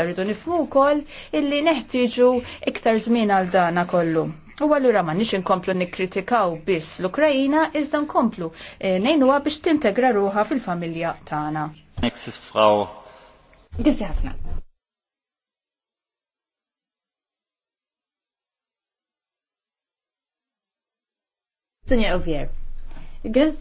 iżda rridu nifmu wkoll illi neħtieġu iktar żmien għal dana kollu. U għallura ma nix inkomplu nikkritikaw biss l-Ukrajina iżda nkomplu e, biex tintegra ruħa fil-familja tagħna. Nexis fraw. Gizzi ħafna. Sinja Ovier, Grazzi